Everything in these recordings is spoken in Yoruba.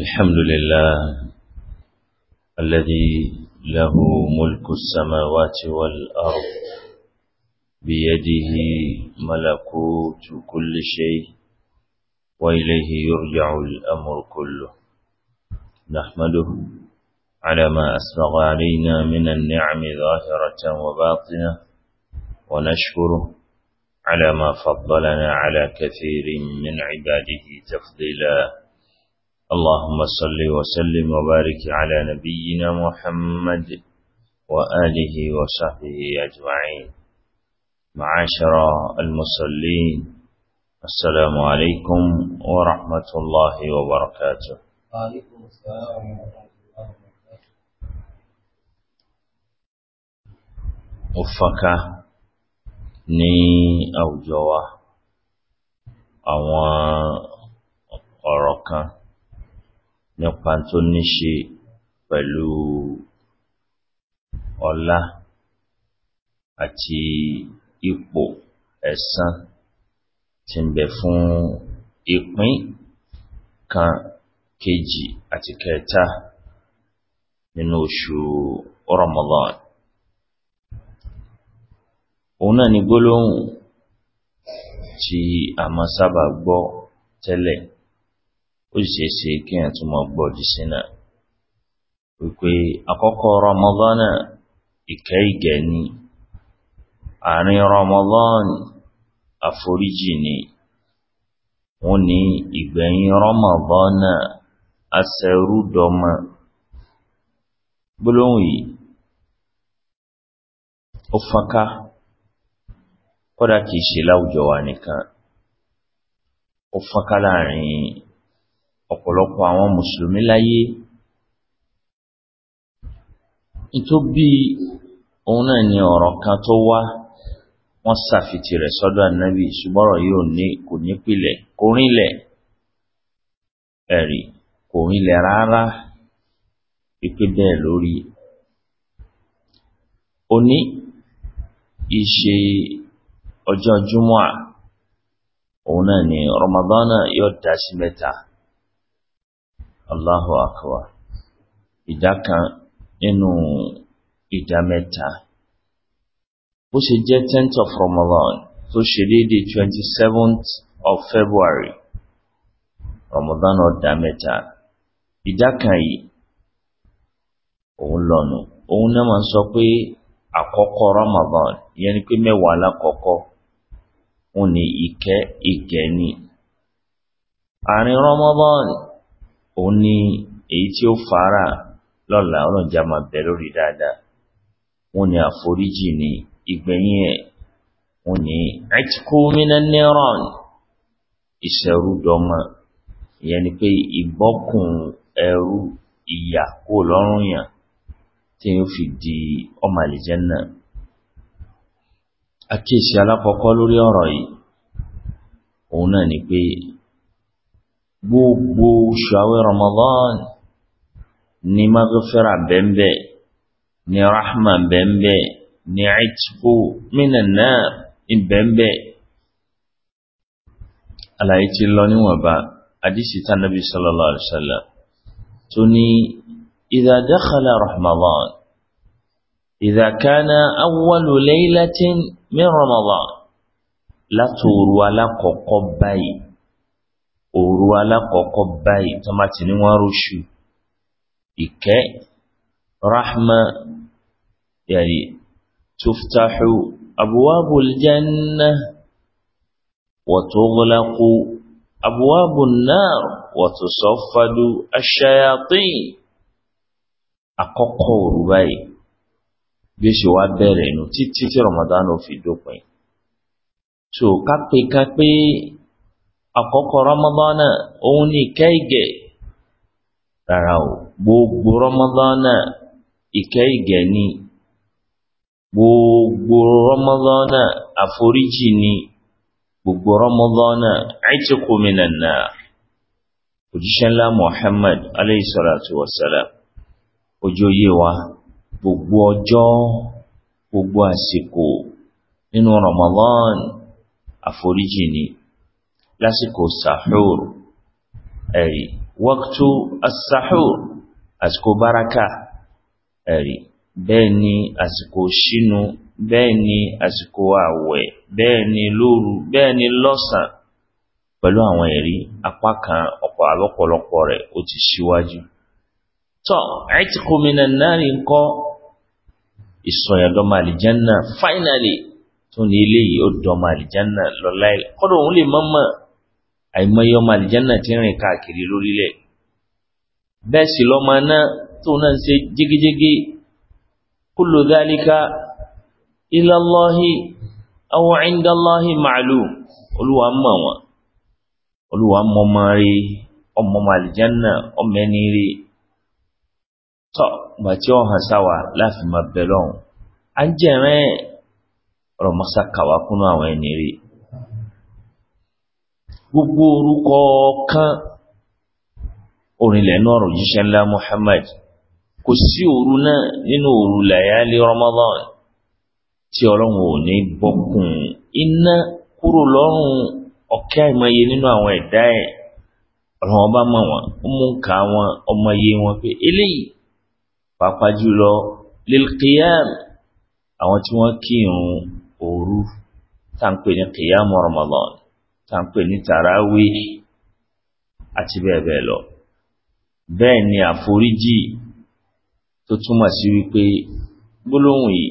الحمد لله الذي له ملك السماوات والأرض بيده ملكوت كل شيء وإليه يرجع الأمر كله نحمده على ما أسبغ علينا من النعم ظاهرة وباطنة ونشكره على ما فضلنا على كثير من عباده تفضيلاً اللهم صل وسلم وبارك على نبينا محمد وآله وصحبه أجمعين معاشر المصلين السلام عليكم ورحمة الله وبركاته وعليكم السلام ورحمة الله وبركاته أو... أو... أو... أو... أو... أو... kan nípa tó ní ṣe pẹ̀lú ọlá àti ipò ẹ̀san tí ń bẹ fún ìpín kan kejì àti kẹta nínú oṣù Ramadan òun náà ni gbólóhùn tí a máa sábà gbọ́ tẹ́lẹ̀ ó sì ṣe é ṣe si na tún akọkọ gbọ́ di sínà wípé àkọ́kọ́ rọmọdọ́nà ìkẹ́ ni àárín rọmọdọ́n àforíjì ni wọ́n ní ìgbẹ̀yìn rọmọdọ́nà aṣẹ́rúdọ́mọ gbólóhùn yìí ó fọ́nká kódà kìí ṣe láwùjọ wa nìkan ó fọ́nká láàrin ọ̀pọ̀lọpọ̀ àwọn mùsùlùmí láyé ìtó bí òun náà ni ọ̀rọ̀ kan tó wá wọ́n sàfitì rẹ̀ sọ́dọ̀ ànábì ṣùgbọ́rọ̀ yóò ní kò ní pilẹ̀ kò rinlẹ̀ ẹ̀rí kò rinlẹ̀ rárá pípé bẹ́ẹ̀ lórí òní ìṣe ọjọ́ júmọ́à òun náà ni Ramadana yóò dá sí mẹ́ta Allahu Akbar. Ìdá kan nínú ìdá mẹ́ta. Bó ṣe jẹ́ 10 of Ramadan tó ṣe déédé 27th of February. Ramadan ọ̀dá mẹ́ta. Ìdá yìí, òun lọ́nu. Òun náà máa sọ pé àkọ́kọ́ Ramadan, yẹn ni pé mẹ́wàá alákọ̀ọ́kọ́, òun ni ìkẹ́ ni. Àárín Ramadan, òun ni èyí tí ó fara lọ́la ọlọ́njà máa bẹ lórí dáadáa wọ́n ní àforíjì ní e. ẹ̀ wọ́n ní ẹtíkú mínà nẹ́rọ̀n ìṣẹ̀rú dọ́mọ ìyẹn ni pé ìbọ́kùn ẹrú ìyà kó lọ́rùn yàn tí ó fi di ọmọ alákọ̀ọ́kọ́ lórí ọ̀rọ̀ bu bu ṣàwẹ̀ Ramadan ni maghfira bembe ni rahma bembe ni itqu minan nar in bẹ́ẹ̀bẹ́ àlàyé ti lọ níwọ̀nba àdísì tá nàbí sallallahu alaihi wasallam tó ní idha dakhala Ramadan idha kana awwal laylatin min Ramadan la turu ala báyìí òru alákọ̀ọ́kọ́ báyìí tó má ti ní wọ́n róṣù ìkẹ́ rahma yàrí tuftahu abuwabul janna wa tughlaqu abuwabun nar wa tusaffadu ash-shayatin òru báyìí bí ṣe wá bẹ̀rẹ̀ nù títí tí Ramadan ò fi dópin so kápẹ́kápẹ́ àkọ́kọ́ ramadana òun ni ìkẹ́ ìgẹ̀ rárá o gbogbo ramadana ìkẹ́ ìgẹ̀ ni gbogbo ramadana àforíjì ni gbogbo ramadana àìtíkù minan nar òjíṣẹ́ ńlá Muhammad alayhi salatu wassalam ojú wa gbogbo ọjọ́ gbogbo àsìkò nínú ramadan àforíjì ni lásìkò sahur ẹ̀rí wọ́ktú as-sahur àsìkò baraka ẹ̀rí bẹ́ẹ̀ ni àsìkò ṣínú bẹ́ẹ̀ ni àsìkò àwẹ̀ bẹ́ẹ̀ ni lóru bẹ́ẹ̀ ni lọ́sàn pẹ̀lú àwọn ẹ̀rí apá kan ọ̀pọ̀ àlọ́pọ̀lọpọ̀ rẹ̀ ó ti ṣíwájú tọ́ ẹ̀tìkù minan nari ń kọ́ ìsọ̀yàdọ́mà àlìjánà fáínàlì tó ní ilé ó dọ́mà àlìjánà lọ́láì kọ́dọ̀ òun lè mọ́mọ́ àìmọye ọmọ àlìjánà ti ń rìn káàkiri lórílẹ̀ bẹ́ẹ̀ sì lọ́mọ náà tó náà ń ṣe jégéjégé kullu dhalika ila Allahi aw inda Allahi ma'lum olúwa mọ̀ wọn olúwa mọ ọmọ rí ọmọ ọmọ àlìjánà ọmọ ẹni rí tọ́ ìgbà tí ó hàn sáwà láàfin máa bẹ̀ lọ́hùn à ọ̀rọ̀ mọ́sá kúnú àwọn ẹni rí gbogbo orúkọ kan orinlẹ̀ náà ròjíṣẹ́ ńlá Muhammad kò sí òru náà nínú òru làyálí Ramadan tí ọlọ́run ò ní bọ́kùn iná kúrò lọ́rùn ọ̀kẹ́ àìmọye nínú àwọn ẹ̀dá ẹ̀ ọ̀rọ̀ ọba mọ̀ wọ́n mú ka wọn pé eléyìí pàápàá jùlọ àwọn tí wọ́n kírun òru tá qiyam tá ń pè ní tàràwí àti bẹ́ẹ̀ bẹ́ẹ̀ lọ bẹ́ẹ̀ ni àforíjì tó túmọ̀ sí wípé gbólóhùn yìí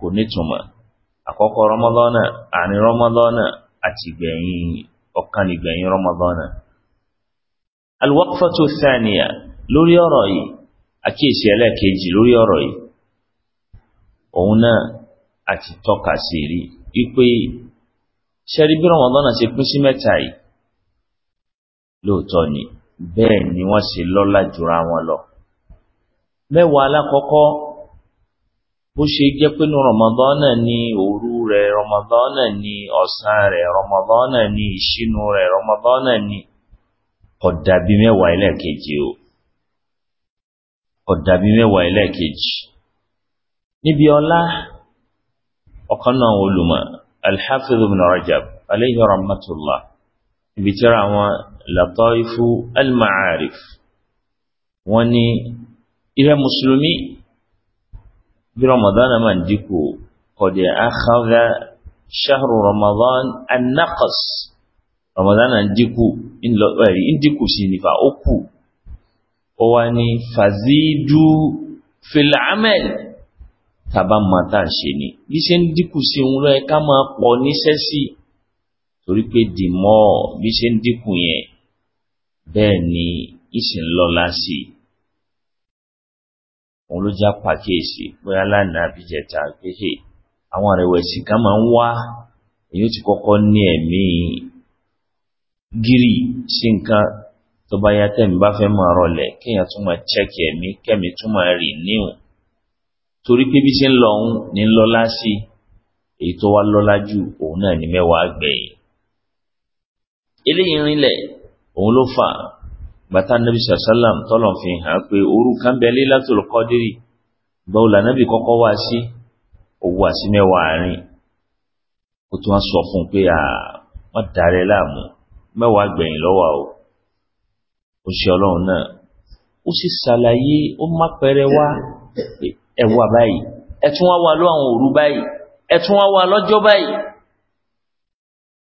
kò nítumọ̀ àkọ́kọ́ rọmọlọ́nà àárín rọmọlọ́nà àti gbẹ̀yìn ọ̀kan nìgbẹ̀yìn rọmọlọ́nà alwakfatu thaniya lórí ọ̀rọ̀ yìí àkíyèsí ẹlẹ́ẹ̀kejì lórí ọ̀rọ̀ yìí òun náà àti tọ́ka sí rí wípé ṣẹ́rí bí Ramadan ṣe pín sí mẹ́ta yìí lóòótọ́ ni bẹ́ẹ̀ ni wọ́n ṣe lọ́lá jura wọn lọ mẹ́wàá alákọ̀ọ́kọ́ bó ṣe jẹ́ pé ní Ramadan náà ni òru rẹ̀ Ramadan náà ni ọ̀sán rẹ̀ Ramadan náà ni ìṣínú rẹ̀ Ramadan náà ni kódà bí mẹ́wàá ẹlẹ́ẹ̀kejì o kódà bí mẹ́wàá ẹlẹ́ẹ̀kejì níbi ọlá ọ̀kan náà olùmọ̀ الحافظ بن رجب عليه رحمة الله بترى لطائف المعارف واني إلى مسلمي برمضان من ديكو قد أخذ شهر رمضان النقص رمضان ديكو إن لأري إن ديكو سينفا واني فزيدوا في العمل tàbá máa tà ń ṣe ni bí ṣe ń dínkù sí òun lọ ẹ ká máa pọ̀ níṣẹ́ sí torí pé dìmọ́ bí ṣe ń dínkù yẹn bẹ́ẹ̀ ni ìsìn lọ́la sí i òun ló já pàkíyèsí bóyá lánàá àbíjẹta pé àwọn àrẹ̀wẹ̀sì kan máa ń wá èyí tí kọ́kọ́ ní ẹ̀mí gírì sí nǹkan tó bá yá tẹ̀mí bá fẹ́ máa rọlẹ̀ kéèyàn tún máa chẹ́kì ẹ̀mí kẹ́mi tún máa rì níhùn torí pé bí ṣe ń lọ òun ní lọ́lá sí èyí tó wá lọ́lá jù òun náà ní mẹ́wàá gbẹ̀yìn eléyìí rinlẹ̀ òun ló fà bàtà nàbì sàlám tọ́lọ̀ fi hàn pé òru kan bẹ Laylatul Qadri gbọ́ òlà nàbì kọ́kọ́ wá sí òwú wá sí mẹ́wàá rìn ó tún á sọ fún un pé wọ́n darẹ̀ láàmú mẹ́wàá gbẹ̀yìn lọ́wọ́ o ó ṣe ọlọ́run náà ó sì ṣàlàyé ó má pẹrẹ wá ẹwà báyìí ẹtún wá wà ló àwọn òru báyìí ẹtún wá wà lọ́jọ́ báyìí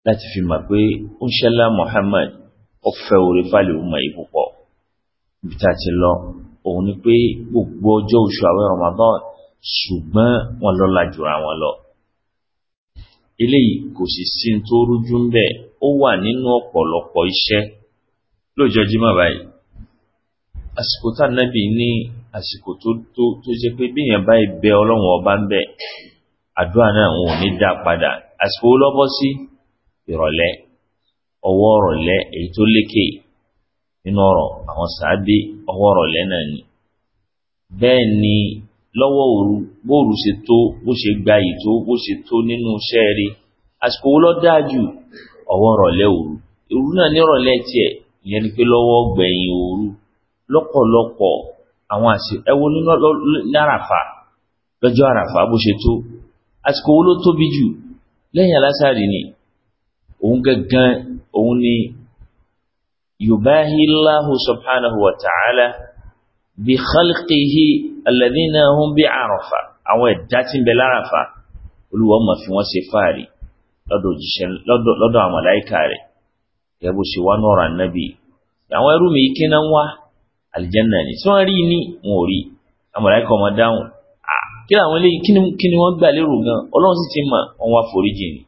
láti fi mà pé ó ń ṣẹlá Muhammad ó fẹ́ orí fàlẹ̀ ó mọ̀ yìí púpọ̀ ibi tá a ti lọ òun ni pé gbogbo ọjọ́ oṣù àwẹ̀ Ramadan ṣùgbọ́n wọn lọ́lá jùra wọn lọ eléyìí kò sì sí tó rújú ń bẹ ó wà nínú ọ̀pọ̀lọpọ̀ iṣẹ́ lójoojúmọ́ báyìí àsìkò tá a nábì ní àsìkò tó tó tó ṣe pé bí èèyàn báyìí bẹ ọlọ́run ọba ń bẹ̀ àdúrà náà wọn ò ní dá padà àsìkò lọ́bọ́ sí ìrọ̀lẹ́ ọwọ́ ọ̀rọ̀lẹ́ èyí tó lékè nínú ọ̀rọ̀ àwọn sàábé ọwọ́ ọ̀rọ̀lẹ́ náà ni bẹ́ẹ̀ ni lọ́wọ́ òru bóòrù ṣe tó bó ṣe gba yìí tó bó ṣe tó nínú iṣẹ́ rí àsìkò wo ló ọwọ́ ọ̀rọ̀lẹ́ òru òru náà ní ọ̀rọ̀lẹ́ tiẹ̀ ìyẹn ni pé lọ́wọ́ gbẹ̀yìn òru lọ́pọ̀lọpọ̀ àwọn àṣì ẹwọ nínú láràfà lọ́jọ́ àràfà bó ṣe tó àsìkò owó ló tóbi jù lẹ́yìn alásàrì ni òun gangan òun ni yubahillahu subhanahu wa ta'ala bi khalqihi alladhina hum bi arafa àwọn ẹ̀dá tí ń bẹ láràfà olúwa ma fi wọ́n ṣe fáàrí lọ́dọ̀ òjíṣẹ́ lọ́dọ̀ àwọn màláíkà rẹ̀ gẹ́gẹ́ bó wá nọ́ọ̀rọ̀ àlìjánà ni tí wọ́n rí ní wọn ò rí amọ̀láìkọ̀ ọmọ dáhùn kí làwọn eléyìí kí ni wọ́n gbà lérò gan ọlọ́run sì ti mà wọ́n wá foríjì ni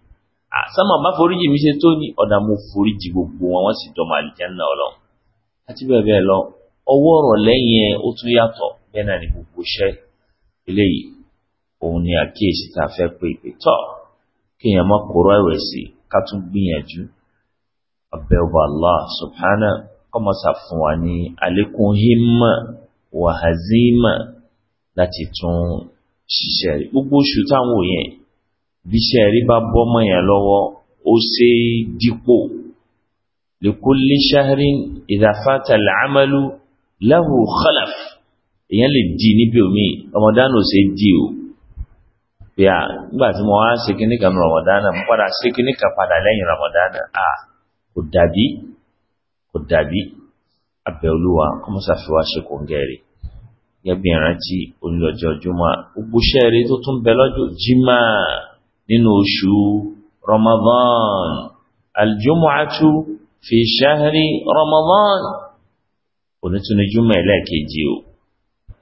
sámà bá foríjì mi ṣe tó ní ọ̀dà mo foríjì gbogbo wọn wọ́n sì dọ̀mọ̀ àlìjánà ọlọ́run àti bẹ́ẹ̀ bẹ́ẹ̀ lọ ọwọ́ ọ̀rọ̀ lẹ́yìn ẹ ó tún yàtọ̀ bẹ́ẹ̀ náà ni gbogbo iṣẹ́ eléyìí òun ni àkíyèsí tá a fẹ́ pé ìpè tọ́ kéèyàn má kóró ẹ̀wẹ̀ sí ká tún gbìyànjú ọbẹ̀ ọba Allah subhanahu kọmọsà fún wa ní àlékún hímà wàhazímà láti tún ṣiṣẹ́ rí gbogbo oṣù táwọn òyìn bíṣẹ́ rí bá bọ́mọ̀ yẹn lọ́wọ́ ó ṣe dípò likulli shahrin idha fata al-amalu lahu khalaf èyàn lè di níbi omi Ramadan ò ṣe di o pé nígbà tí mo wá ṣe kíníkà ní Ramadan mo padà ṣe kíníkà padà lẹ́yìn Ramadan à kò dàbí kò dàbí abẹ́ olúwa kọ́mọ́sàfíwá ṣe kò ń gẹ̀rẹ̀ gẹ́gẹ́ bí ìrántí onílọ́jọ́ jùmọ̀ gbogbo ṣẹ́ẹ̀rẹ́ tó tún bẹ lọ́jọ́ jimá nínú oṣù Ramadan aljumuatu fi ṣahari Ramadan onítúni jùmọ̀ ẹlẹ́ẹ̀kejì o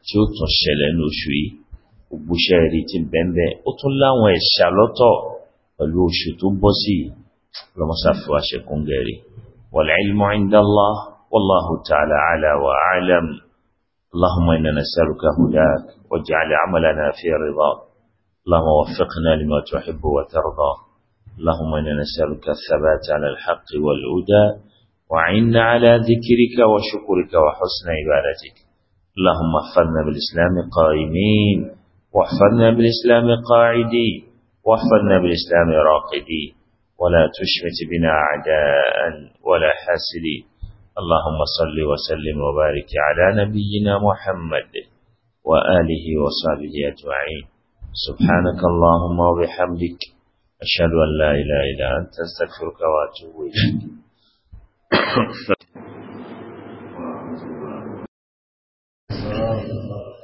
tí ó tún ṣẹlẹ̀ ní oṣù yìí gbogbo ti bẹ́ẹ̀ ó tún láwọn ẹ̀ṣà lọ́tọ̀ pẹ̀lú oṣù tó bọ́ sí lọ́mọ́sàfíwá ṣe kò ń gẹ̀rẹ̀ والعلم عند الله والله تعالى على وأعلم اللهم إنا نسألك هداك واجعل عملنا في رضاك اللهم وفقنا لما تحب وترضى اللهم إنا نسألك الثبات على الحق والهدى وعنا على ذكرك وشكرك وحسن عبادتك اللهم احفظنا بالإسلام قائمين واحفظنا بالإسلام قاعدين واحفظنا بالإسلام راقدين ولا تشمت بنا أعداء ولا حاسدي اللهم صل وسلم وبارك على نبينا محمد وآله وصحبه أجمعين سبحانك اللهم وبحمدك أشهد أن لا إله إلا أنت أستغفرك وأتوب إليك